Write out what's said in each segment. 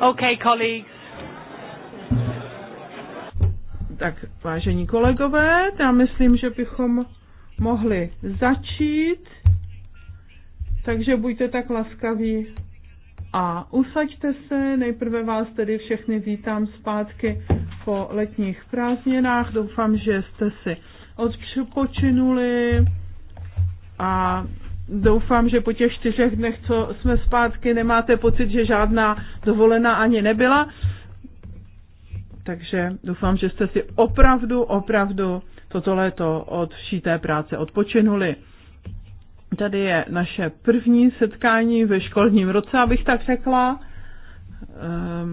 Okay, colleagues. Tak, vážení kolegové, já myslím, že bychom mohli začít. Takže buďte tak laskaví a usaďte se. Nejprve vás tedy všechny vítám zpátky po letních prázdninách. Doufám, že jste si odpočinuli a doufám, že po těch čtyřech dnech, co jsme zpátky, nemáte pocit, že žádná dovolená ani nebyla. Takže doufám, že jste si opravdu, opravdu toto léto od šité práce odpočinuli. Tady je naše první setkání ve školním roce, abych tak řekla.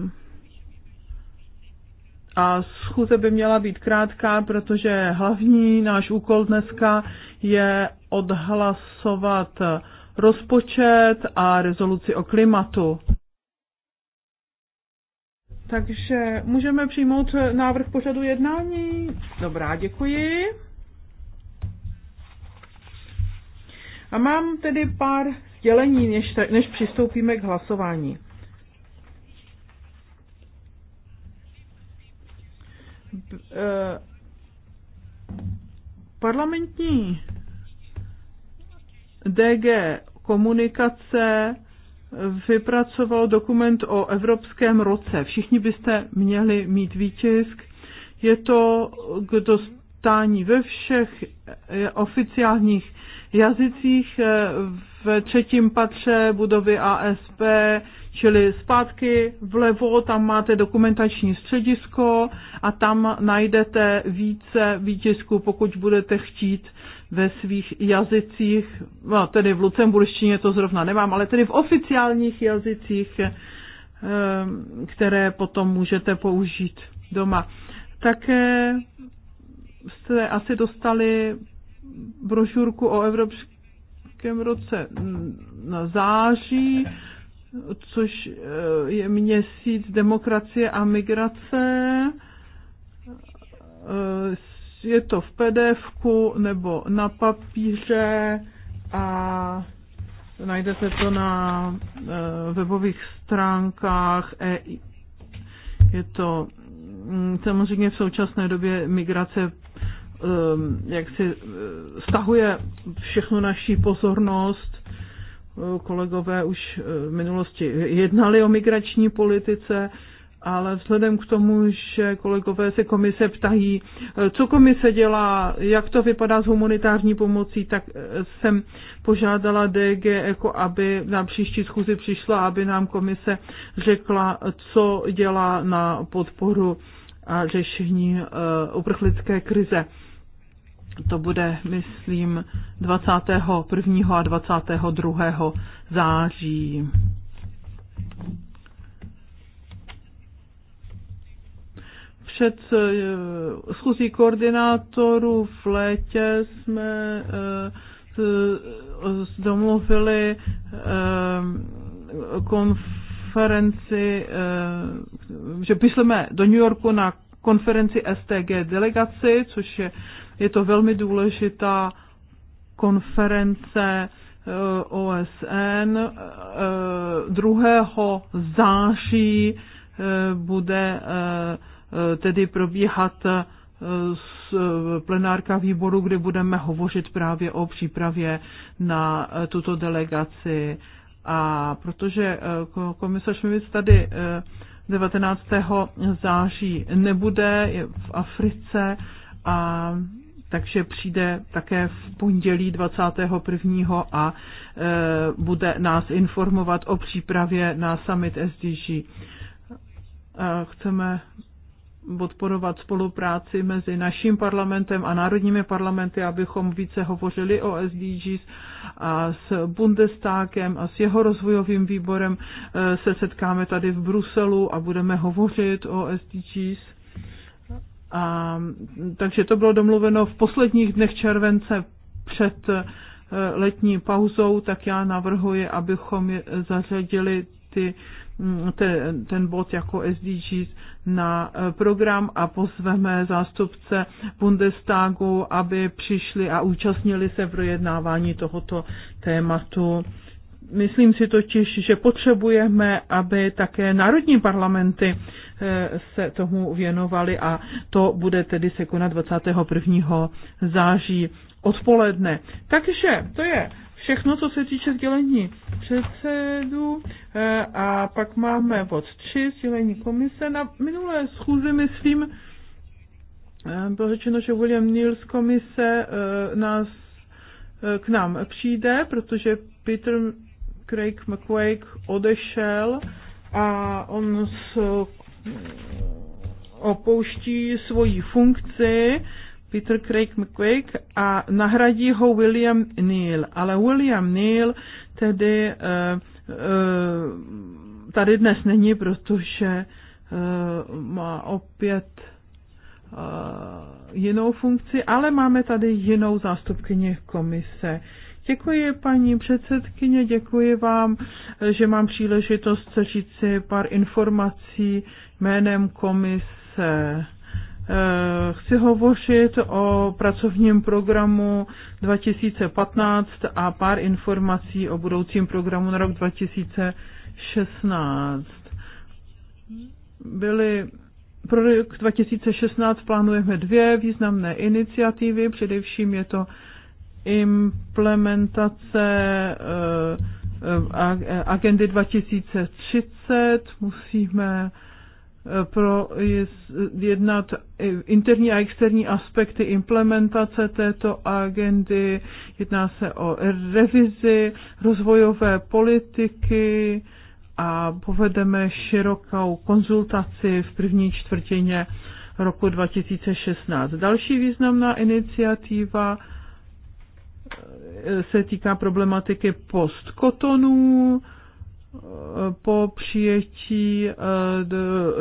Um, a schůze by měla být krátká, protože hlavní náš úkol dneska je odhlasovat rozpočet a rezoluci o klimatu. Takže můžeme přijmout návrh pořadu jednání? Dobrá, děkuji. A mám tedy pár sdělení, než, než přistoupíme k hlasování. B, e, Parlamentní DG komunikace vypracoval dokument o Evropském roce. Všichni byste měli mít výtisk. Je to k dostání ve všech eh, oficiálních jazycích eh, v třetím patře budovy ASP Čili zpátky vlevo, tam máte dokumentační středisko a tam najdete více výtisků, pokud budete chtít ve svých jazycích, no, tedy v lucemburštině to zrovna nemám, ale tedy v oficiálních jazycích, eh, které potom můžete použít doma. Také jste asi dostali brožurku o Evropském roce na září což eh, je měsíc demokracie a migrace. Eh, je to v pdf nebo na papíře a najdete to na eh, webových stránkách. E je to mm, samozřejmě v současné době migrace jak si stahuje všechnu naší pozornost kolegové už eh, v minulosti jednali o migrační politice, ale vzhledem k tomu, že kolegové se komise ptají, eh, co komise dělá, jak to vypadá s humanitární pomocí, tak eh, jsem požádala DG, jako aby na příští schůzi přišla, aby nám komise řekla, co dělá na podporu a řešení uprchlické krize to bude, myslím, 21. a 22. září. Před eh, schůzí koordinátorů v létě jsme eh, domluvili eh, konferenci, že vysleme do New Yorku na konferenci STG delegaci, což je je to velmi důležitá konference eh, OSN. 2. Eh, září eh, bude tedy probíhat plenárka výboru, kde budeme hovořit právě o přípravě na tuto delegaci. A protože komisař Mimic tady 19. září nebude, je v Africe a takže přijde také v pondělí 21. a e, bude nás informovat o přípravě na summit SDG. E, chceme podporovat spolupráci mezi naším parlamentem a národními parlamenty, abychom více hovořili o SDGs a s Bundestagem a s jeho rozvojovým výborem e, se setkáme tady v Bruselu a budeme hovořit o SDGs a, takže to bylo domluveno v posledních dnech července před eh, letní pauzou, tak já navrhuji, abychom zařadili ty, mm, ten, ten bod jako SDGs na eh, program a pozveme zástupce Bundestagu, aby přišli a účastnili se v projednávání tohoto tématu Myslím si totiž, že potřebujeme, aby také národní parlamenty eh, se tomu věnovaly a to bude tedy se konat 21. září odpoledne. Takže to je všechno, co se týče sdělení předsedu eh, a pak máme bod 3, sdělení komise. Na minulé schůzi, myslím, eh, bylo řečeno, že William Neal komise nás k nám přijde, protože Peter Craig McQuake odešel a on s, eh, opouští svoji funkci Peter Craig McQuake a nahradí ho William Neal. Ale William Neal tedy eh, eh, tady dnes není, protože má opět jinou funkci, ale máme tady jinou zástupkyni komise. Děkuji, paní předsedkyně, děkuji vám, že mám příležitost říct si pár informací jménem komise. Eh, chci hovořit o pracovním programu 2015 a pár informací o budoucím programu na rok 2016. Byly pro rok 2016 plánujeme dvě významné iniciativy, především je to implementace eh, eh, agendy 2030, musíme eh, pro jednat interní a externí aspekty implementace této agendy. Jedná se o revizi rozvojové politiky a povedeme širokou konzultaci v první čtvrtině roku 2016. Další významná iniciativa se týká problematiky postkotonů po přijetí eh,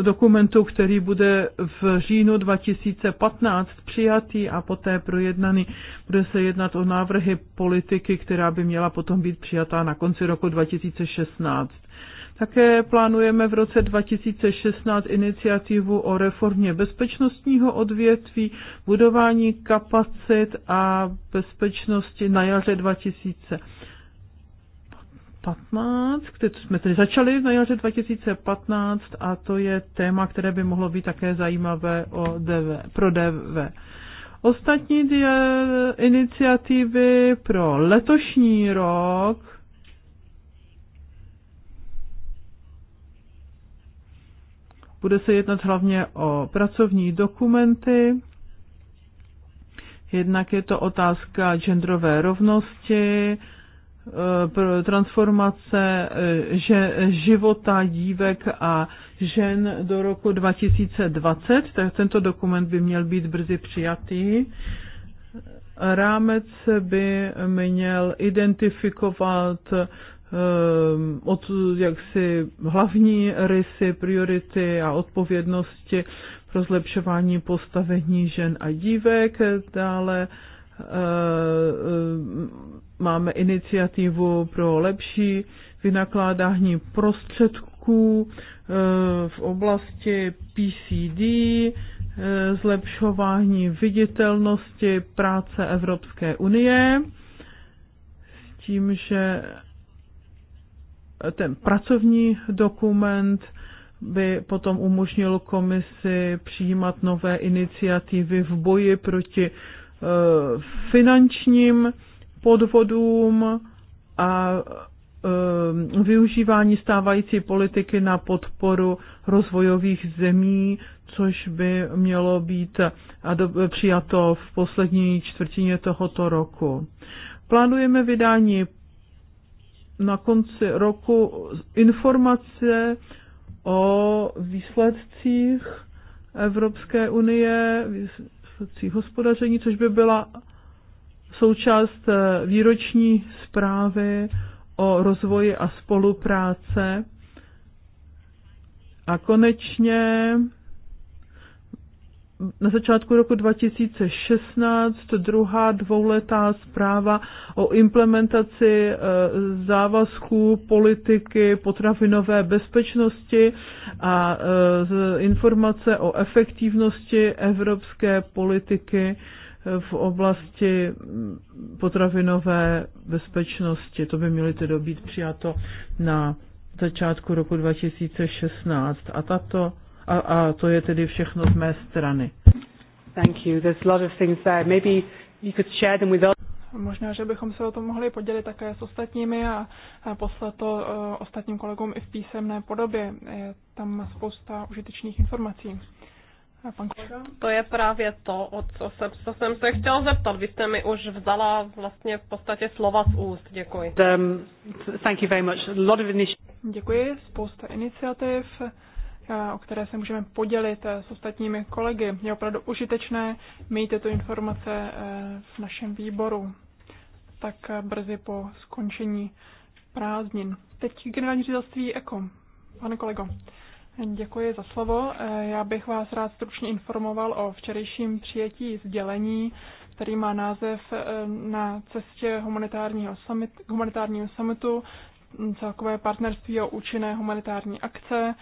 dokumentu, který bude v říjnu 2015 přijatý a poté projednaný. Bude se jednat o návrhy politiky, která by měla potom být přijatá na konci roku 2016. Také plánujeme v roce 2016 iniciativu o reformě bezpečnostního odvětví, budování kapacit a bezpečnosti na jaře 2000. 15, kde jsme tedy začali na jaře 2015 a to je téma, které by mohlo být také zajímavé o DV, pro DV. Ostatní iniciativy pro letošní rok Bude se jednat hlavně o pracovní dokumenty, jednak je to otázka genderové rovnosti, eh, transformace eh, že, života dívek a žen do roku 2020. Tak tento dokument by měl být brzy přijatý. Rámec by měl identifikovat Ehm, od jaksi hlavní rysy, priority a odpovědnosti pro zlepšování postavení žen a dívek. Dále ehm, máme iniciativu pro lepší vynakládání prostředků ehm, v oblasti PCD, zlepšování viditelnosti práce Evropské unie, s tím, že ten pracovní dokument by potom umožnil komisi přijímat nové iniciativy v boji proti e, finančním podvodům a e, využívání stávající politiky na podporu rozvojových zemí, což by mělo být přijato v poslední čtvrtině tohoto roku. Plánujeme vydání na konci roku informace o výsledcích Evropské unie, výsledcích hospodaření, což by byla součást eh, výroční zprávy o rozvoji a spolupráce. A konečně na začátku roku 2016 druhá dvouletá zpráva o implementaci eh, závazků politiky potravinové bezpečnosti a eh, informace o efektivnosti evropské politiky eh, v oblasti mm, potravinové bezpečnosti. To by měly tedy být přijato na začátku roku 2016. A tato a, a to je tedy všechno z mé strany. Thank you. There's a lot of things there. Maybe you could share them with us. Možná, že bychom se o tom mohli podělit také s ostatními a, a poslat to uh, ostatním kolegům i v písemné podobě. Je tam spousta užitečných informací. Pan kolega? To je právě to, o co jsem, co jsem se chtěla zeptat. Vy jste mi už vzala vlastně v podstatě slova z úst. Děkuji. Um, thank you very much. A lot of Děkuji. Spousta iniciativ o které se můžeme podělit s ostatními kolegy. Je opravdu užitečné mít tyto informace e, v našem výboru tak e, brzy po skončení prázdnin. Teď generální ředitelství ECO. Pane kolego, děkuji za slovo. E, já bych vás rád stručně informoval o včerejším přijetí sdělení, který má název na cestě humanitárního, summit, humanitárního summitu celkové partnerství o účinné humanitární akce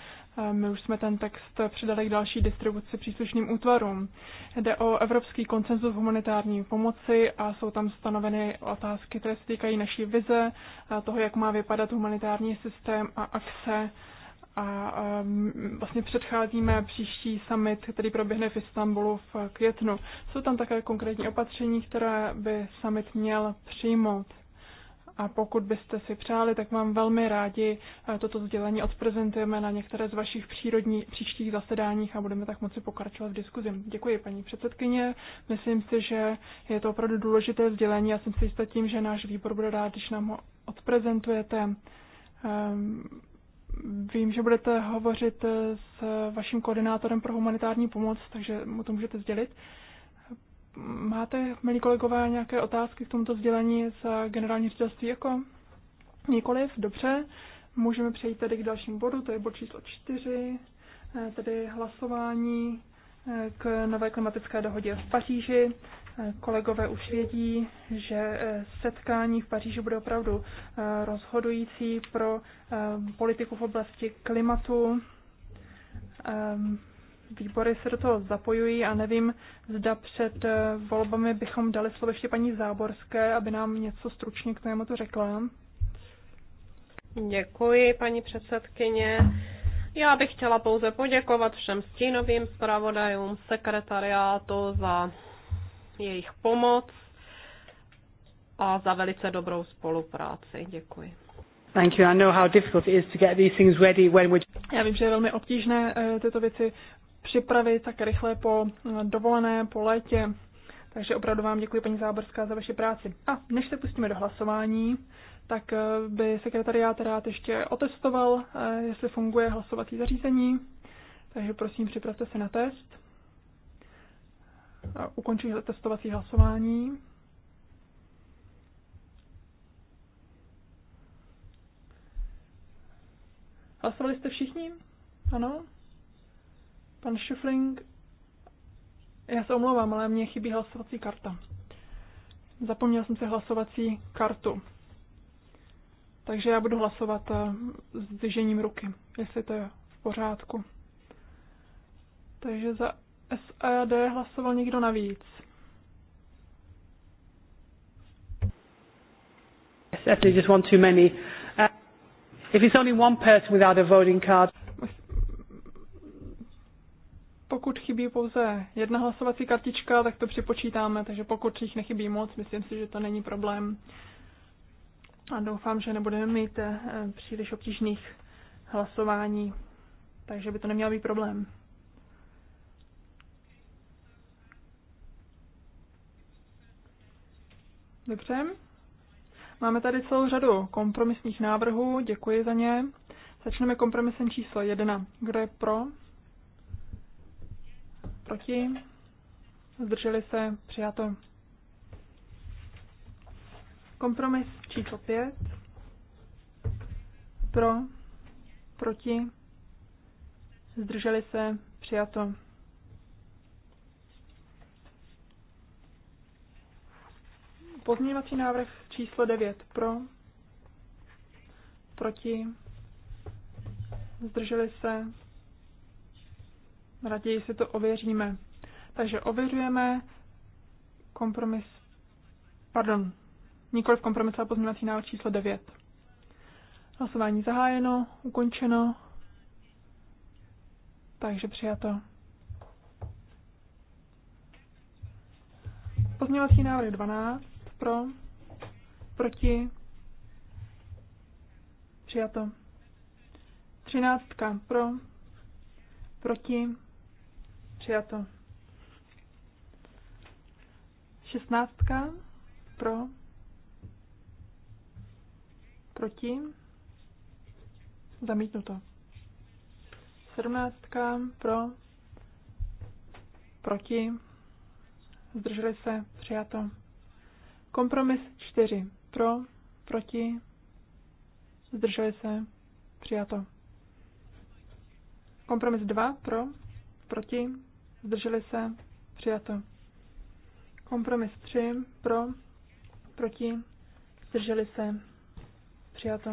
my už jsme ten text přidali k další distribuci příslušným útvarům. Jde o Evropský koncenzus humanitární pomoci a jsou tam stanoveny otázky, které se týkají naší vize, toho, jak má vypadat humanitární systém a akce. A um, vlastně předcházíme příští summit, který proběhne v Istanbulu v květnu. Jsou tam také konkrétní opatření, které by summit měl přijmout a pokud byste si přáli, tak vám velmi rádi eh, toto sdělení odprezentujeme na některé z vašich přírodní, příštích zasedáních a budeme tak moci pokračovat v diskuzi. Děkuji, paní předsedkyně. Myslím si, že je to opravdu důležité sdělení. Já jsem si jistá tím, že náš výbor bude rád, když nám ho odprezentujete. Ehm, vím, že budete hovořit eh, s vaším koordinátorem pro humanitární pomoc, takže mu to můžete sdělit. Máte, milí kolegové, nějaké otázky k tomuto vzdělení za generální ředitelství jako? Nikoliv, dobře. Můžeme přejít tedy k dalšímu bodu, to je bod číslo čtyři. Eh, tedy hlasování eh, k nové klimatické dohodě v Paříži. Eh, kolegové už vědí, že setkání v Paříži bude opravdu rozhodující pro politiku v oblasti klimatu ehm, výbory se do toho zapojují a nevím, zda před eh, volbami bychom dali slovo ještě paní Záborské, aby nám něco stručně k tomu to řekla. Děkuji, paní předsedkyně. Já bych chtěla pouze poděkovat všem stínovým zpravodajům sekretariátu za jejich pomoc a za velice dobrou spolupráci. Děkuji. Já vím, že je velmi obtížné eh, tyto věci Připravit tak rychle po eh, dovolené, po létě. Takže opravdu vám děkuji, paní Záborská, za vaši práci. A než se pustíme do hlasování, tak eh, by sekretariát rád ještě otestoval, eh, jestli funguje hlasovací zařízení. Takže prosím, připravte se na test. Ukončuji testovací hlasování. Hlasovali jste všichni? Ano? Pan Schifling, já se omlouvám, ale mně chybí hlasovací karta. Zapomněl jsem si hlasovací kartu. Takže já budu hlasovat eh, s zdvižením ruky, jestli to je v pořádku. Takže za SAD hlasoval někdo navíc. Yes, just one too many. Uh, if it's only one person without a voting card. Pokud chybí pouze jedna hlasovací kartička, tak to připočítáme, takže pokud jich nechybí moc, myslím si, že to není problém. A doufám, že nebudeme mít eh, příliš obtížných hlasování, takže by to neměl být problém. Dobře. Máme tady celou řadu kompromisních návrhů, děkuji za ně. Začneme kompromisem číslo 1. Kdo je pro? Proti? Zdrželi se? Přijato. Kompromis číslo 5. Pro? Proti? Zdrželi se? Přijato. Pozměňovací návrh číslo 9 pro, proti, zdrželi se, raději si to ověříme. Takže ověřujeme kompromis, pardon, nikoliv kompromis, ale pozměňovací návrh číslo 9. Hlasování zahájeno, ukončeno, takže přijato. Pozměňovací návrh 12 pro, proti, přijato. 13 pro, proti, Přijato. Šestnáctka pro, proti, zamítnuto. Sedmnáctka pro, proti, zdrželi se, přijato. Kompromis čtyři pro, proti, zdrželi se, přijato. Kompromis dva pro, proti, zdrželi se, přijato. Kompromis 3, pro, proti, zdrželi se, přijato.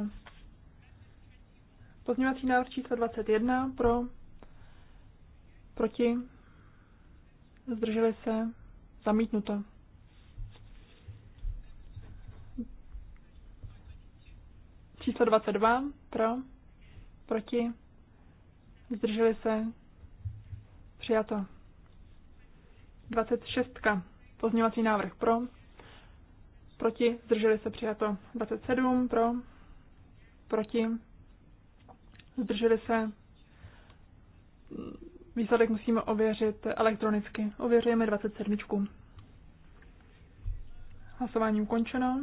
Pozměňovací návrh číslo 21, pro, proti, zdrželi se, zamítnuto. Číslo 22, pro, proti, zdrželi se, přijato. 26. Pozměňovací návrh pro. Proti. Zdrželi se přijato. 27. Pro. Proti. Zdrželi se. Výsledek musíme ověřit elektronicky. Ověřujeme 27. Hlasování ukončeno.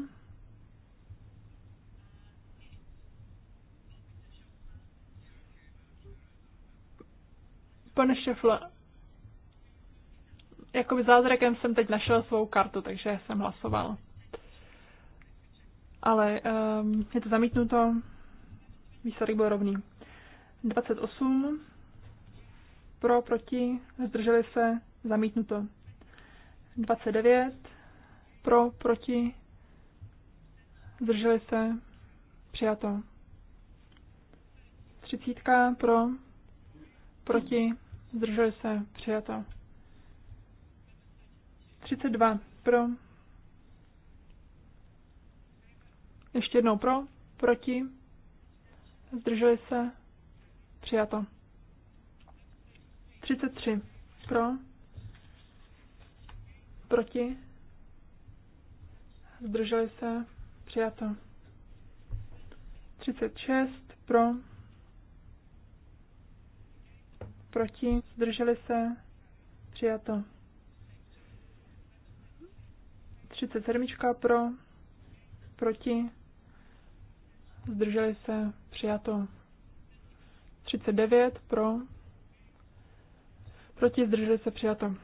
Pane Šefle, jakoby zázrakem jsem teď našel svou kartu, takže jsem hlasoval. Ale um, je to zamítnuto, výsledek byl rovný. 28 pro, proti, zdrželi se, zamítnuto. 29 pro, proti, zdrželi se, přijato. 30 pro, proti, zdrželi se, přijato. 32 pro. Ještě jednou pro, proti. Zdrželi se. Přijato. 33 pro. Proti. Zdrželi se. Přijato. 36 pro. Proti. Zdrželi se. Přijato. 37 pro, proti, zdrželi se, přijato. 39 pro, proti, zdrželi se, přijato.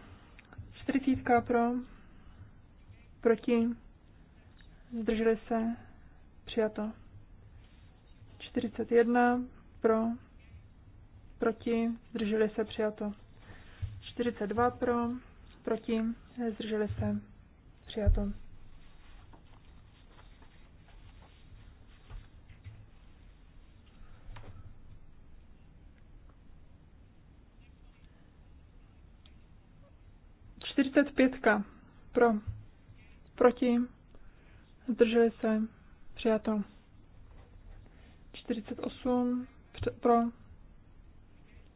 40 pro, proti, zdrželi se, přijato. 41 pro, proti, zdrželi se, přijato. 42 pro, proti, zdrželi se, Přijato. Čtyřicet pětka. Pro. Proti. Zdrželi se. Přijato. 48. Pro.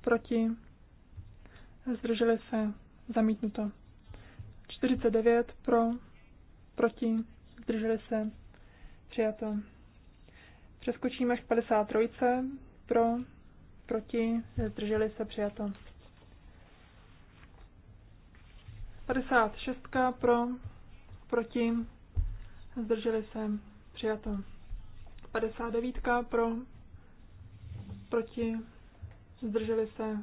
Proti. Zdrželi se. Zamítnuto. 49 pro, proti, zdrželi se, přijato. Přeskočíme až k 53, pro, proti, zdrželi se, přijato. 56 pro, proti, zdrželi se, přijato. 59 pro, proti, zdrželi se,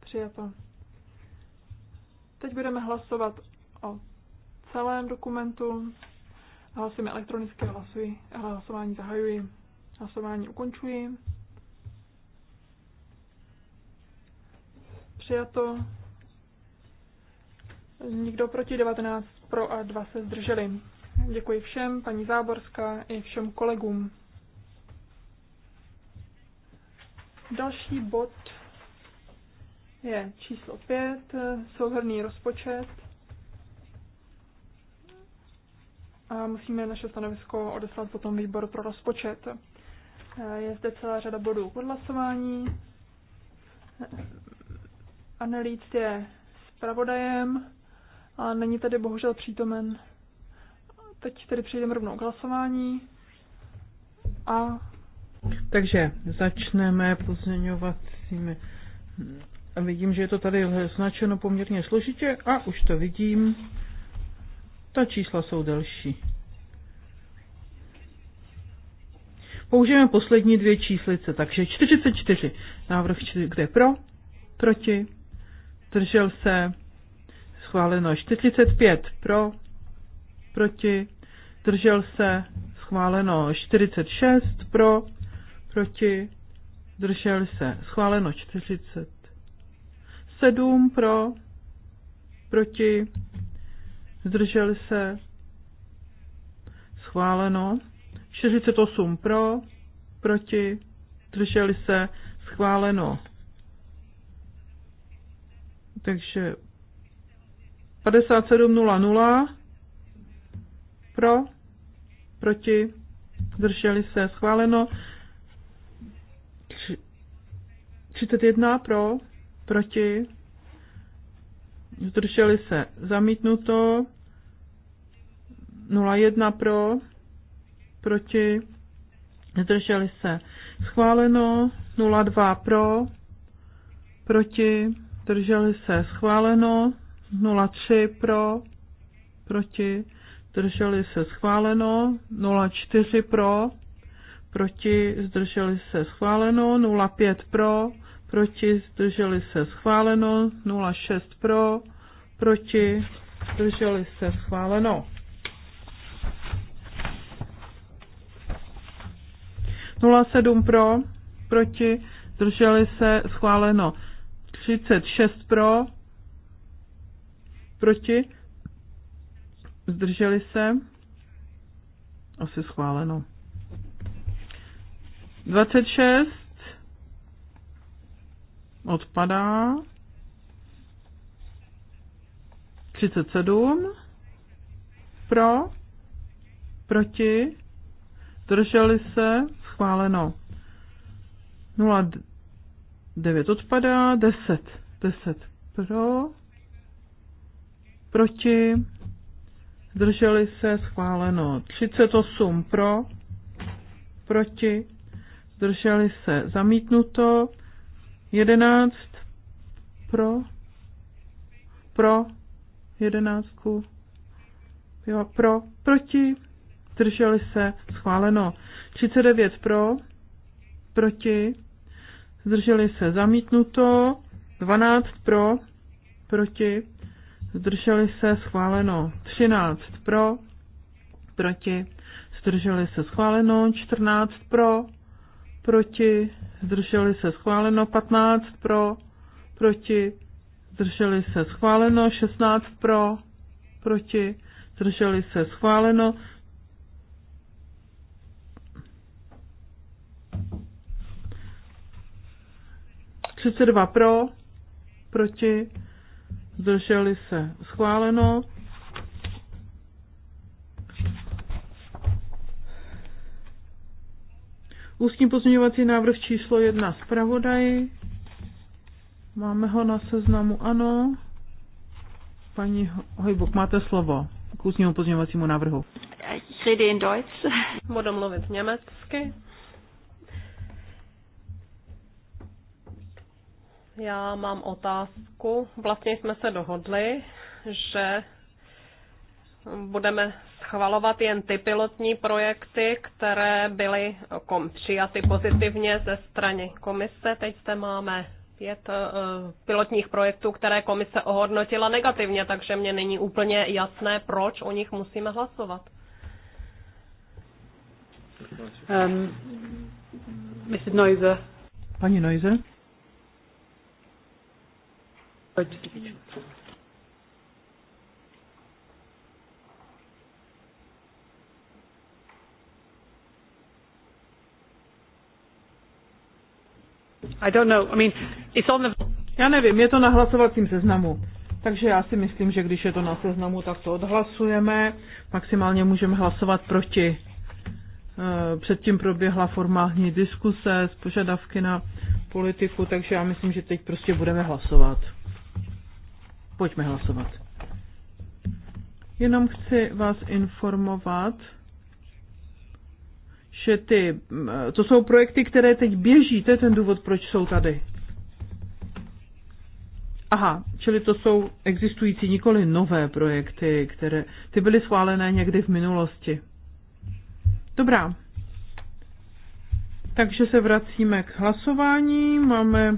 přijato. Teď budeme hlasovat o celém dokumentu. Hlasím elektronické hlasy. hlasování zahajuji, hlasování ukončuji. Přijato. Nikdo proti 19 pro a 2 se zdrželi. Děkuji všem, paní Záborská i všem kolegům. Další bod je číslo 5, souhrný rozpočet. a musíme naše stanovisko odeslat potom výboru pro rozpočet. Eh, je zde celá řada bodů k odhlasování. Eh, Annelíc je zpravodajem a není tady bohužel přítomen. Teď tedy přejdeme rovnou k hlasování. A... Takže začneme pozměňovacími. Hm, vidím, že je to tady značeno poměrně složitě a už to vidím. Ta čísla jsou delší. Použijeme poslední dvě číslice, takže 44. Návrh 4, kde pro, proti, držel se, schváleno 45 pro, proti, držel se, schváleno 46 pro, proti, držel se, schváleno 47 pro, proti, zdrželi se, schváleno. 48 pro, proti, zdrželi se, schváleno. Takže 57.00 pro, proti, zdrželi se, schváleno. 31 pro, proti, zdrželi se zamítnuto, 01 pro, proti, zdrželi se schváleno, 02 pro, proti, zdrželi se schváleno, 03 pro, proti, zdrželi se schváleno, 04 pro, proti, zdrželi se schváleno, 05 pro, proti, zdrželi se schváleno, 06 pro, proti, zdrželi se, schváleno. Nula sedm pro, proti, zdrželi se, schváleno. 36 pro, proti, zdrželi se, asi schváleno. 26 odpadá. 37 pro, proti, drželi se, schváleno. 09 odpadá, 10, 10 pro, proti, drželi se, schváleno. 38 pro, proti, drželi se, zamítnuto. 11 pro, pro, jedenáctku. Jo, pro, proti, zdrželi se, schváleno. 39 pro, proti, zdrželi se, zamítnuto. 12 pro, proti, zdrželi se, schváleno. 13 pro, proti, zdrželi se, schváleno. 14 pro, proti, zdrželi se, schváleno. 15 pro, proti, zdrželi se schváleno, 16 pro, proti, zdrželi se schváleno, Třicet dva pro, proti, zdrželi se schváleno. Ústní pozměňovací návrh číslo jedna zpravodaj. Máme ho na seznamu, ano. Paní Hojbuk, máte slovo k ústnímu pozměňovacímu návrhu. Ich rede in Deutsch. Budu mluvit německy. Já mám otázku. Vlastně jsme se dohodli, že budeme schvalovat jen ty pilotní projekty, které byly přijaty pozitivně ze strany komise. Teď zde máme pět eh, pilotních projektů, které komise ohodnotila negativně, takže mě není úplně jasné, proč o nich musíme hlasovat. Um, Mrs. Neuser. Pani Neuser. I don't know. I mean, it's on the... Já nevím, je to na hlasovacím seznamu. Takže já si myslím, že když je to na seznamu, tak to odhlasujeme. Maximálně můžeme hlasovat proti. Eh, předtím proběhla formální diskuse s požadavky na politiku, takže já myslím, že teď prostě budeme hlasovat. Pojďme hlasovat. Jenom chci vás informovat, že ty, to jsou projekty, které teď běží, to je ten důvod, proč jsou tady. Aha, čili to jsou existující, nikoli nové projekty, které, ty byly schválené někdy v minulosti. Dobrá. Takže se vracíme k hlasování. Máme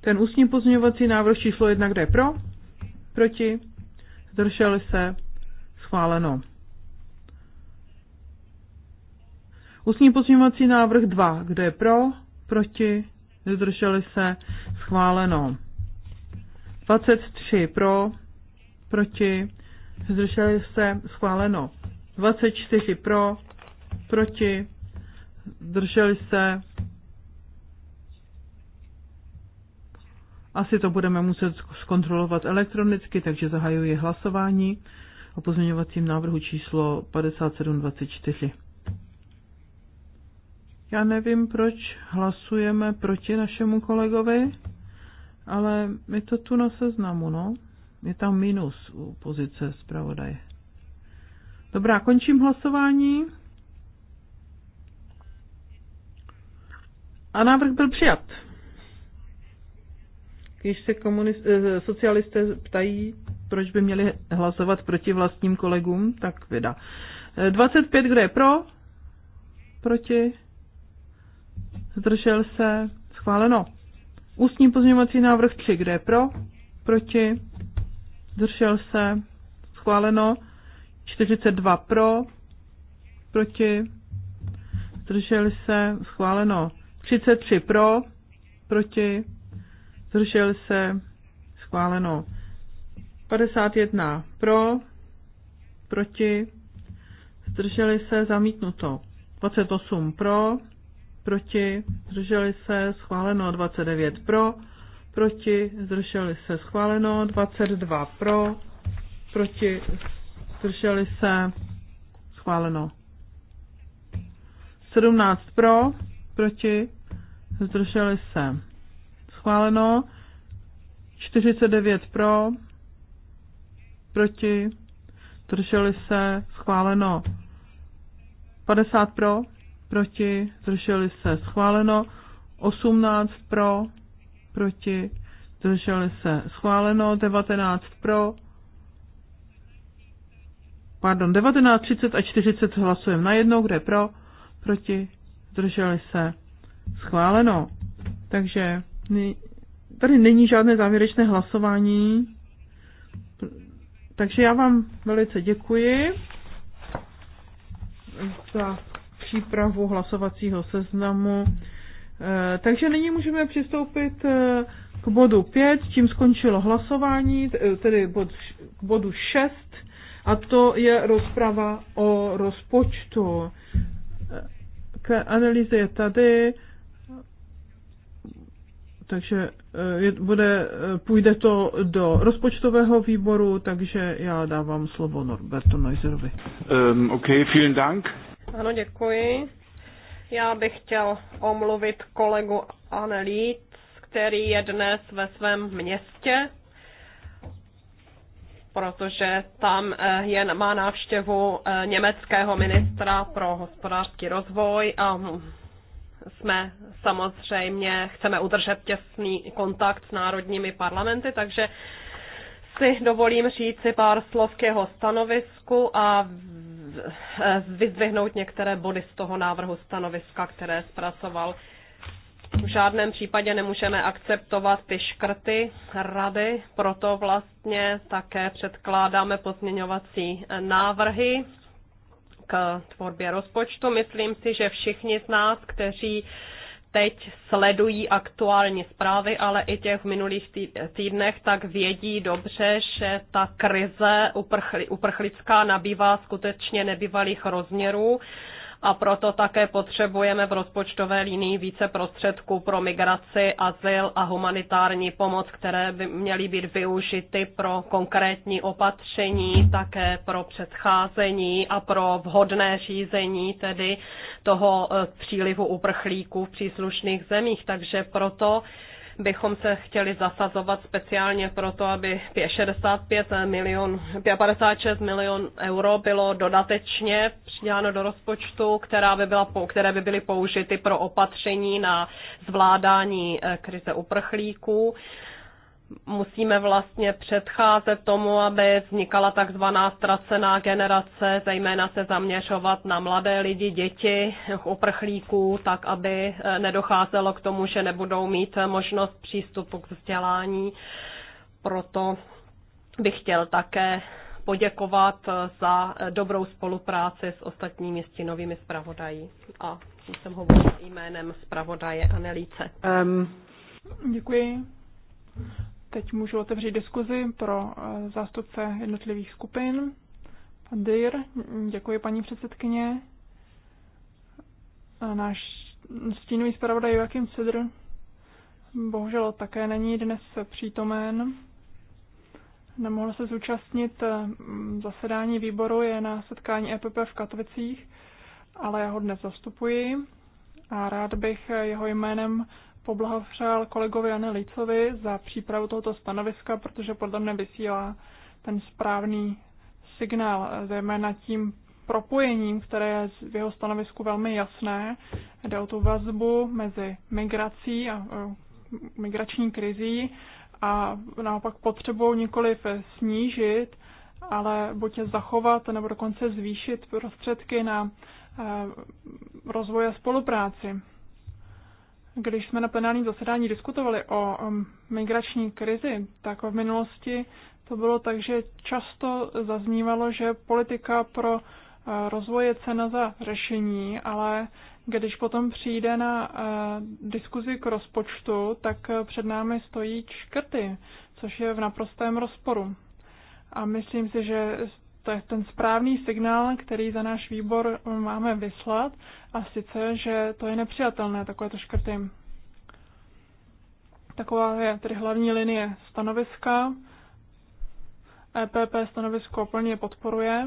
ten ústní pozměňovací návrh číslo 1, kde je pro, proti, zdrželi se, schváleno. Ústní pozměňovací návrh 2. Kdo je pro? Proti? Zdrželi se? Schváleno. 23 pro, proti, zdrželi se, schváleno. 24 pro, proti, zdrželi se. Asi to budeme muset zkontrolovat elektronicky, takže zahajuji hlasování o pozměňovacím návrhu číslo 5724. Já nevím, proč hlasujeme proti našemu kolegovi, ale my to tu na seznamu, no. Je tam minus u pozice zpravodaje. Dobrá, končím hlasování. A návrh byl přijat. Když se komunist, eh, socialisté ptají, proč by měli hlasovat proti vlastním kolegům, tak věda. 25, eh, kdo je pro? Proti? zdržel se, schváleno. Ústní pozměňovací návrh 3, kde je pro, proti, zdržel se, schváleno. 42 pro, proti, zdržel se, schváleno. 33 pro, proti, zdržel se, schváleno. 51 pro, proti, zdrželi se, zamítnuto. 28 pro, proti, zdrželi se, schváleno 29 pro, proti, zdrželi se, schváleno 22 pro, proti, zdrželi se, schváleno 17 pro, proti, zdrželi se, schváleno 49 pro, proti, zdrželi se, schváleno 50 pro, proti, zdrželi se schváleno, 18 pro, proti, zdrželi se schváleno, 19 pro, pardon, 19, 30 a 40 hlasujeme na jedno, kde pro, proti, zdrželi se schváleno. Takže tady není žádné závěrečné hlasování, takže já vám velice děkuji za přípravu hlasovacího seznamu. Eh, takže nyní můžeme přistoupit eh, k bodu 5, tím skončilo hlasování, eh, tedy bod, k bodu 6, a to je rozprava o rozpočtu. K analýze je tady, takže je, bude, půjde to do rozpočtového výboru, takže já dávám slovo Norbertu Neuserovi. Um, OK, vielen Dank. Ano, děkuji. Já bych chtěl omluvit kolegu Anelíc, který je dnes ve svém městě, protože tam eh, jen má návštěvu eh, německého ministra pro hospodářský rozvoj a jsme samozřejmě, chceme udržet těsný kontakt s národními parlamenty, takže si dovolím říct si pár slov k jeho stanovisku a vyzvihnout některé body z toho návrhu stanoviska, které zpracoval. V žádném případě nemůžeme akceptovat ty škrty rady, proto vlastně také předkládáme pozměňovací návrhy k tvorbě rozpočtu. Myslím si, že všichni z nás, kteří teď sledují aktuální zprávy, ale i těch v minulých týdnech, tak vědí dobře, že ta krize uprchlická nabývá skutečně nebývalých rozměrů a proto také potřebujeme v rozpočtové linii více prostředků pro migraci, azyl a humanitární pomoc, které by měly být využity pro konkrétní opatření, také pro předcházení a pro vhodné řízení tedy toho eh, přílivu uprchlíků v příslušných zemích. Takže proto bychom se chtěli zasazovat speciálně proto, aby 65 milion, 56 milion euro bylo dodatečně přidáno do rozpočtu, která by byla, které by byly použity pro opatření na zvládání eh, krize uprchlíků musíme vlastně předcházet tomu, aby vznikala takzvaná ztracená generace, zejména se zaměřovat na mladé lidi, děti, uprchlíků, tak aby eh, nedocházelo k tomu, že nebudou mít eh, možnost přístupu k vzdělání. Proto bych chtěl také poděkovat eh, za dobrou spolupráci s ostatními stinovými zpravodají. A jsem hovořila jménem zpravodaje Anelíce. Um, děkuji. Teď můžu otevřít diskuzi pro eh, zástupce jednotlivých skupin. Pan Dyr, děkuji paní předsedkyně. A náš stínový zpravodaj Joachim Cedr bohužel také není dnes přítomen. Nemohl se zúčastnit eh, zasedání výboru, je na setkání EPP v Katovicích, ale já ho dnes zastupuji a rád bych jeho jménem poblahopřál kolegovi Jane Licovi za přípravu tohoto stanoviska, protože podle mě vysílá ten správný signál, zejména tím propojením, které je v jeho stanovisku velmi jasné. Jde o tu vazbu mezi migrací a migrační krizí a naopak potřebou nikoliv snížit, ale buď je zachovat nebo dokonce zvýšit prostředky na eh, rozvoj spolupráci. Když jsme na plenárním zasedání diskutovali o um, migrační krizi, tak v minulosti to bylo tak, že často zaznívalo, že politika pro uh, rozvoj je cena za řešení, ale když potom přijde na uh, diskuzi k rozpočtu, tak uh, před námi stojí škrty, což je v naprostém rozporu. A myslím si, že to je ten správný signál, který za náš výbor máme vyslat, a sice, že to je nepřijatelné, takovéto škrty. Taková je tedy hlavní linie stanoviska. EPP stanovisko plně podporuje.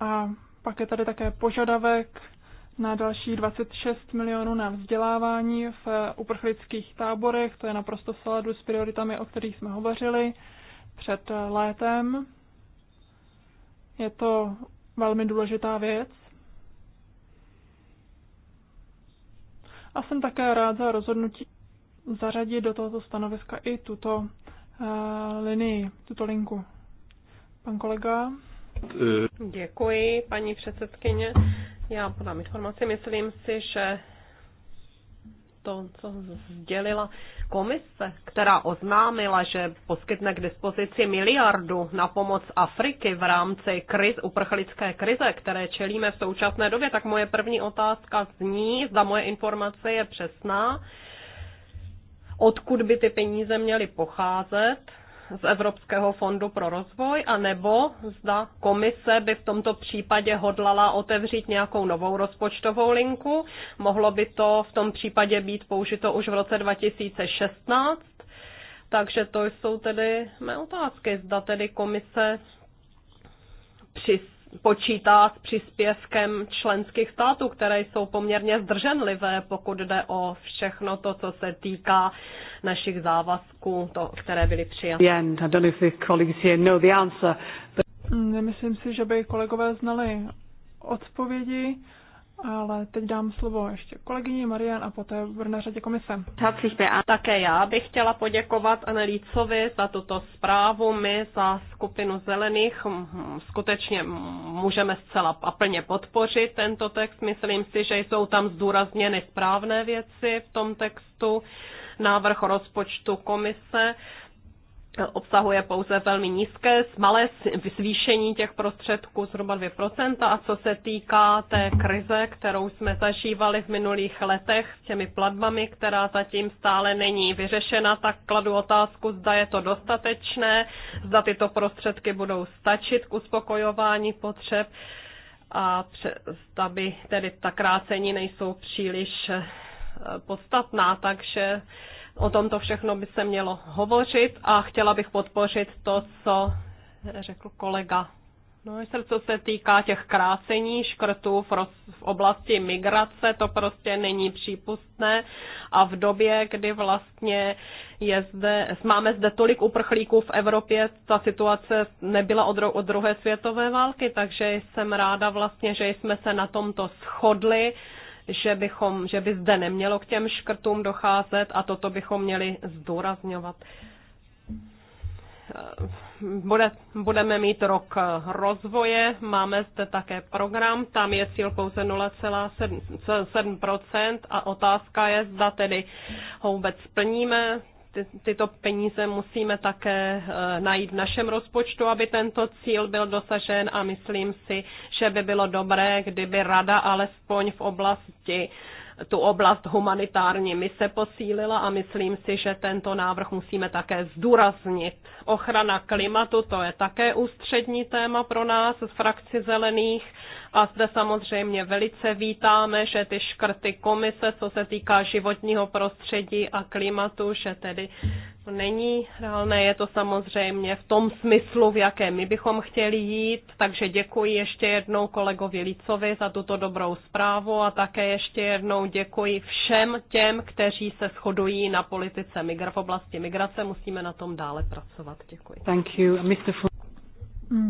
A pak je tady také požadavek na dalších 26 milionů na vzdělávání v uprchlických táborech. To je naprosto v souladu s prioritami, o kterých jsme hovořili před létem. Je to velmi důležitá věc. A jsem také rád za rozhodnutí zařadit do tohoto stanoviska i tuto uh, linii, tuto linku. Pan kolega. Děkuji, paní předsedkyně. Já podám informaci. Myslím si, že to, co sdělila komise, která oznámila, že poskytne k dispozici miliardu na pomoc Afriky v rámci kriz, uprchlické krize, které čelíme v současné době, tak moje první otázka zní, zda moje informace je přesná, odkud by ty peníze měly pocházet, z Evropského fondu pro rozvoj, anebo zda komise by v tomto případě hodlala otevřít nějakou novou rozpočtovou linku. Mohlo by to v tom případě být použito už v roce 2016. Takže to jsou tedy mé otázky. Zda tedy komise přis počítá s příspěvkem členských států, které jsou poměrně zdrženlivé, pokud jde o všechno to, co se týká našich závazků, to, které byly přijaty. Nemyslím si, že by kolegové znali odpovědi ale teď dám slovo ještě kolegyni Marian a poté bude na řadě komise. Také já bych chtěla poděkovat Anelícovi za tuto zprávu. My za skupinu zelených skutečně můžeme zcela a plně podpořit tento text. Myslím si, že jsou tam zdůrazněny správné věci v tom textu návrh rozpočtu komise obsahuje pouze velmi nízké, malé zvýšení těch prostředků zhruba 2%. A co se týká té krize, kterou jsme zažívali v minulých letech s těmi platbami, která zatím stále není vyřešena, tak kladu otázku, zda je to dostatečné, zda tyto prostředky budou stačit k uspokojování potřeb a zda by tedy ta krácení nejsou příliš eh, podstatná, takže O tomto všechno by se mělo hovořit a chtěla bych podpořit to, co řekl kolega. No, co se týká těch krácení škrtů v, roz, v oblasti migrace, to prostě není přípustné. A v době, kdy vlastně je zde, máme zde tolik uprchlíků v Evropě, ta situace nebyla od, od druhé světové války, takže jsem ráda vlastně, že jsme se na tomto shodli že, bychom, že by zde nemělo k těm škrtům docházet a toto bychom měli zdůrazňovat. Bude, budeme mít rok rozvoje, máme zde také program, tam je cíl pouze 0,7% a otázka je, zda tedy ho vůbec splníme, ty, tyto peníze musíme také eh, najít v našem rozpočtu, aby tento cíl byl dosažen a myslím si, že by bylo dobré, kdyby rada alespoň v oblasti tu oblast humanitární mise posílila a myslím si, že tento návrh musíme také zdůraznit. Ochrana klimatu, to je také ústřední téma pro nás z frakci zelených a zde samozřejmě velice vítáme, že ty škrty komise, co se týká životního prostředí a klimatu, že tedy není reálné, je to samozřejmě v tom smyslu, v jakém my bychom chtěli jít, takže děkuji ještě jednou kolegovi Licovi za tuto dobrou zprávu a také ještě jednou děkuji všem těm, kteří se shodují na politice migra v oblasti migrace, musíme na tom dále pracovat. Děkuji. Thank you. Mr.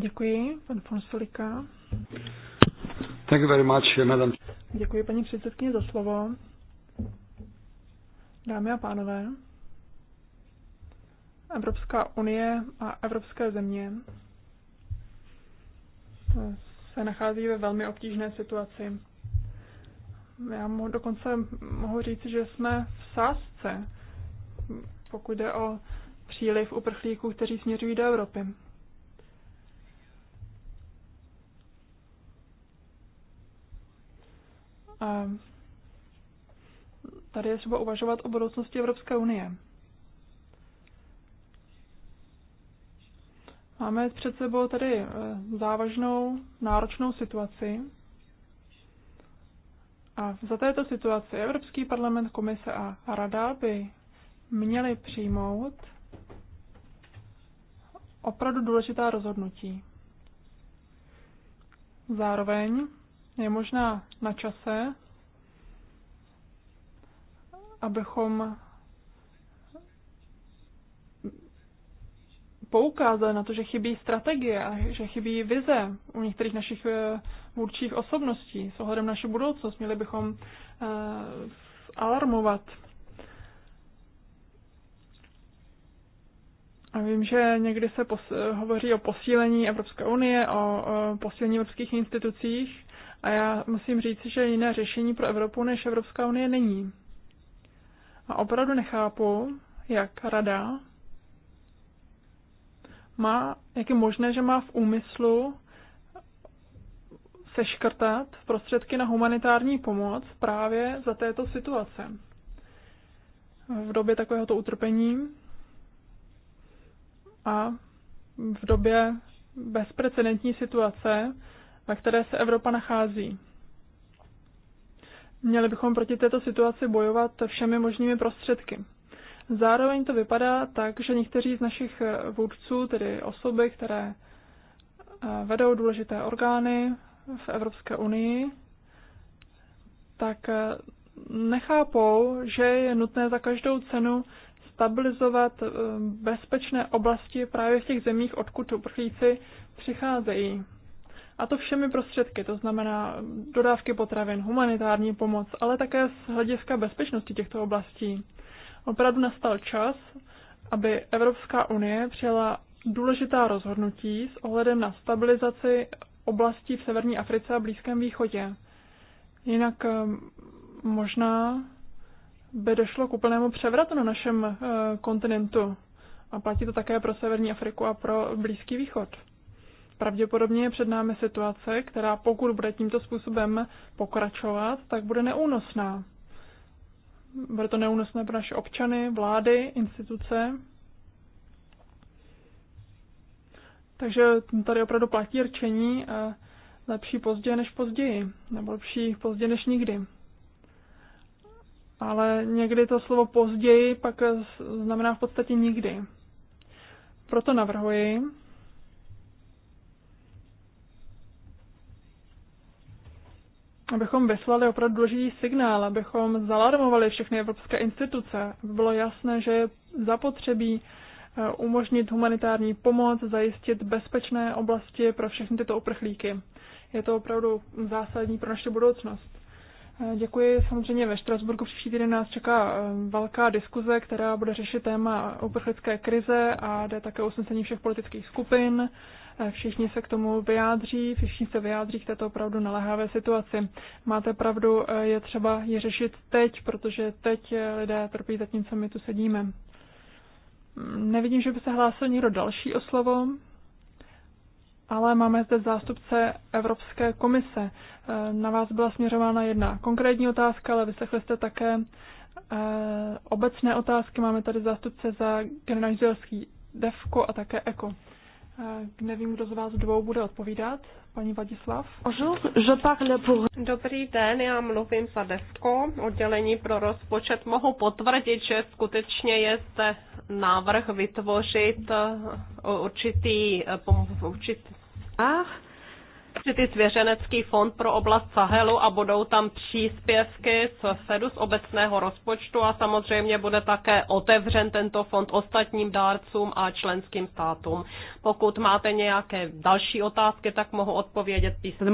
Děkuji, pan Fonsolika. Thank you very much, madam. Děkuji paní předsedkyně za slovo. Dámy a pánové, Evropská unie a evropské země se nachází ve velmi obtížné situaci. Já mohu dokonce mohu říct, že jsme v sázce, pokud jde o příliv uprchlíků, kteří směřují do Evropy. tady je třeba uvažovat o budoucnosti Evropské unie. Máme před sebou tady eh, závažnou, náročnou situaci. A za této situaci Evropský parlament, komise a rada by měli přijmout opravdu důležitá rozhodnutí. Zároveň je možná na čase, abychom poukázali na to, že chybí strategie a že chybí vize u některých našich eh, vůdčích osobností s ohledem na naši budoucnost. Měli bychom eh, alarmovat. A vím, že někdy se pos- hovoří o posílení Evropské unie, o, o posílení evropských institucích, a já musím říct, že jiné řešení pro Evropu než Evropská unie není. A opravdu nechápu, jak rada má, jak je možné, že má v úmyslu seškrtat prostředky na humanitární pomoc právě za této situace. V době takovéhoto utrpení a v době bezprecedentní situace, ve které se Evropa nachází. Měli bychom proti této situaci bojovat všemi možnými prostředky. Zároveň to vypadá tak, že někteří z našich vůdců, tedy osoby, které eh, vedou důležité orgány v Evropské unii, tak eh, nechápou, že je nutné za každou cenu stabilizovat eh, bezpečné oblasti právě v těch zemích, odkud uprchlíci přicházejí. A to všemi prostředky, to znamená dodávky potravin, humanitární pomoc, ale také z hlediska bezpečnosti těchto oblastí. Opravdu nastal čas, aby Evropská unie přijala důležitá rozhodnutí s ohledem na stabilizaci oblastí v severní Africe a Blízkém východě. Jinak eh, možná by došlo k úplnému převratu na našem eh, kontinentu. A platí to také pro severní Afriku a pro Blízký východ. Pravděpodobně je před námi situace, která pokud bude tímto způsobem pokračovat, tak bude neúnosná. Bude to neúnosné pro naše občany, vlády, instituce. Takže tady opravdu platí rčení eh, lepší pozdě než později, nebo lepší pozdě než nikdy. Ale někdy to slovo později pak znamená v podstatě nikdy. Proto navrhuji, abychom vyslali opravdu důležitý signál, abychom zalarmovali všechny evropské instituce, aby bylo jasné, že je zapotřebí eh, umožnit humanitární pomoc, zajistit bezpečné oblasti pro všechny tyto uprchlíky. Je to opravdu zásadní pro naši budoucnost. Eh, děkuji. Samozřejmě ve Štrasburku příští týden nás čeká eh, velká diskuze, která bude řešit téma uprchlické krize a jde také o usnesení všech politických skupin. Všichni se k tomu vyjádří, všichni se vyjádří k této opravdu naléhavé situaci. Máte pravdu, eh, je třeba ji řešit teď, protože teď eh, lidé trpí co my tu sedíme. Mm, nevidím, že by se hlásil někdo další o slovo, ale máme zde zástupce Evropské komise. Eh, na vás byla směřována jedna konkrétní otázka, ale vyslechli jste také obecné otázky. Máme tady zástupce za generální Defko DEVKO a také EKO. Eh, nevím, kdo z vás dvou bude odpovídat. Paní Vladislav. Dobrý den, já mluvím za DESKO, oddělení pro rozpočet. Mohu potvrdit, že skutečně je zde návrh vytvořit eh, určitý, eh, určitý Ach, určitý Zvěřenecký fond pro oblast Sahelu a budou tam příspěvky z sedu z obecného rozpočtu a samozřejmě bude také otevřen tento fond ostatním dárcům a členským státům. Pokud máte nějaké další otázky, tak mohu odpovědět písemně.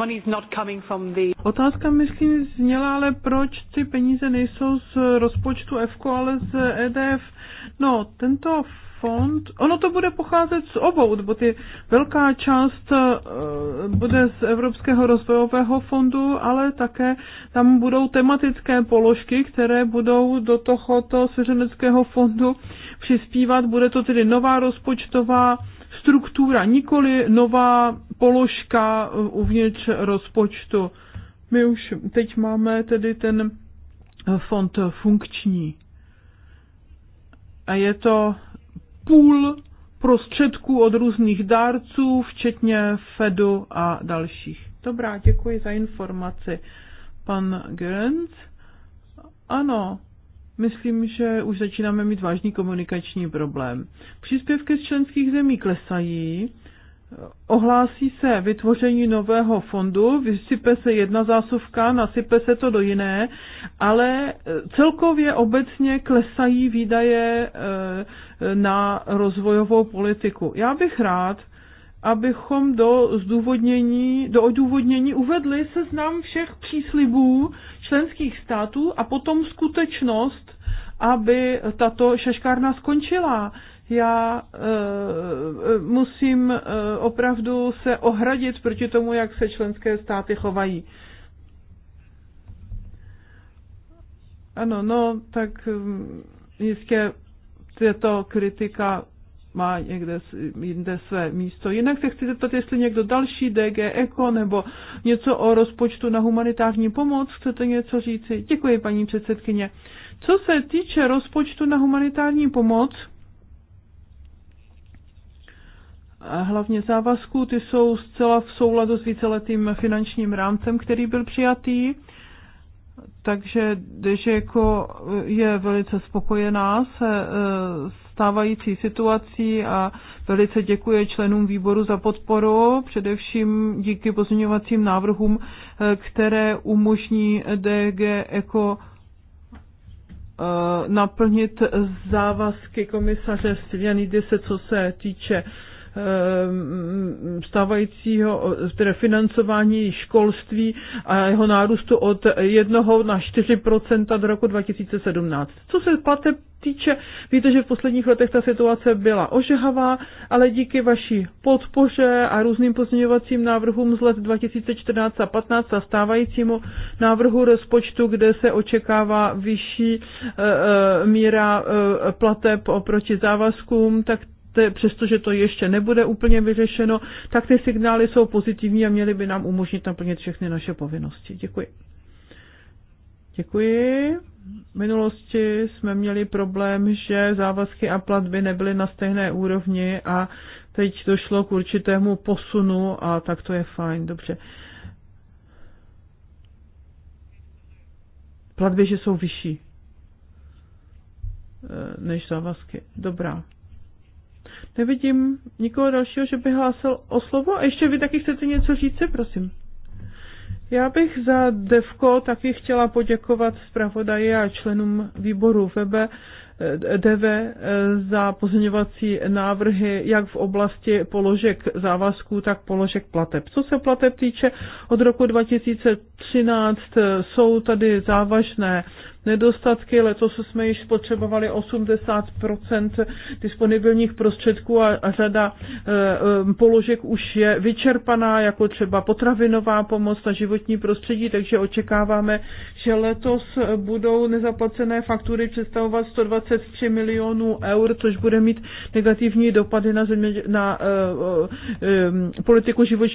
Otázka, myslím, zněla, ale proč ty peníze nejsou z rozpočtu EFKO, ale z EDF? No, tento fond, ono to bude pocházet z obou, bo ty velká část eh, bude z Evropského rozvojového fondu, ale také tam budou tematické položky, které budou do tohoto svěřeneckého fondu přispívat. Bude to tedy nová rozpočtová struktura, nikoli nová položka eh, uvnitř rozpočtu. My už teď máme tedy ten eh, fond funkční. A je to půl prostředků od různých dárců, včetně Fedu a dalších. Dobrá, děkuji za informaci. Pan Gerenc? Ano, myslím, že už začínáme mít vážný komunikační problém. Příspěvky z členských zemí klesají ohlásí se vytvoření nového fondu, vysype se jedna zásuvka, nasype se to do jiné, ale e, celkově obecně klesají výdaje e, na rozvojovou politiku. Já bych rád, abychom do zdůvodnění, do odůvodnění uvedli seznam všech příslibů členských států a potom skutečnost, aby tato šeškárna skončila já e, musím e, opravdu se ohradit proti tomu, jak se členské státy chovají. Ano, no, tak hm, jistě tato kritika má někde jinde své místo. Jinak se chci zeptat, jestli někdo další, DG Eko, nebo něco o rozpočtu na humanitární pomoc, chcete něco říci? Děkuji, paní předsedkyně. Co se týče rozpočtu na humanitární pomoc, hlavně závazků, ty jsou zcela v souladu s víceletým finančním rámcem, který byl přijatý. Takže Dežeko je velice spokojená se eh, stávající situací a velice děkuje členům výboru za podporu, především díky pozměňovacím návrhům, eh, které umožní DG Eko eh, naplnit závazky komisaře Stylianidise, co se týče Eh, stávajícího teda financování školství a jeho nárůstu od 1 na 4 do roku 2017. Co se plateb týče, víte, že v posledních letech ta situace byla ožehavá, ale díky vaší podpoře a různým pozměňovacím návrhům z let 2014 a 15 a stávajícímu návrhu rozpočtu, kde se očekává vyšší e, míra e, plateb oproti závazkům, tak přestože to ještě nebude úplně vyřešeno, tak ty signály jsou pozitivní a měly by nám umožnit naplnit všechny naše povinnosti. Děkuji. Děkuji. V minulosti jsme měli problém, že závazky a platby nebyly na stejné úrovni a teď došlo k určitému posunu a tak to je fajn, dobře. Platby, že jsou vyšší eh, než závazky. Dobrá. Nevidím nikoho dalšího, že by hlásil o slovo. A ještě vy taky chcete něco říct, prosím. Já bych za Devko taky chtěla poděkovat zpravodaji a členům výboru Webe, eh, DV eh, za pozměňovací návrhy jak v oblasti položek závazků, tak položek plateb. Co se plateb týče, od roku 2013 eh, jsou tady závažné nedostatky. Letos jsme již spotřebovali 80 disponibilních prostředků a, a řada e, e, položek už je vyčerpaná, jako třeba potravinová pomoc a životní prostředí, takže očekáváme, že letos budou nezaplacené faktury představovat 123 milionů eur, což bude mít negativní dopady na, země, na e, e, politiku životní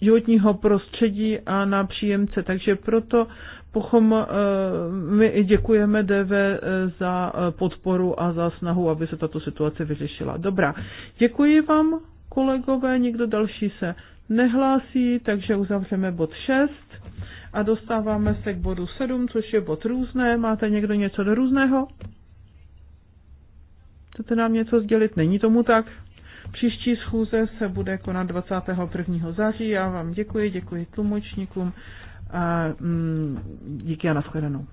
životního prostředí a na příjemce. Takže proto Pochom, eh, my děkujeme DV eh, za eh, podporu a za snahu, aby se tato situace vyřešila. Dobrá, děkuji vám, kolegové, nikdo další se nehlásí, takže uzavřeme bod 6 a dostáváme se k bodu 7, což je bod různé. Máte někdo něco do různého? Chcete nám něco sdělit? Není tomu tak? Příští schůze se bude konat 21. září. Já vám děkuji, děkuji tlumočníkům Mm, díky a nashledanou.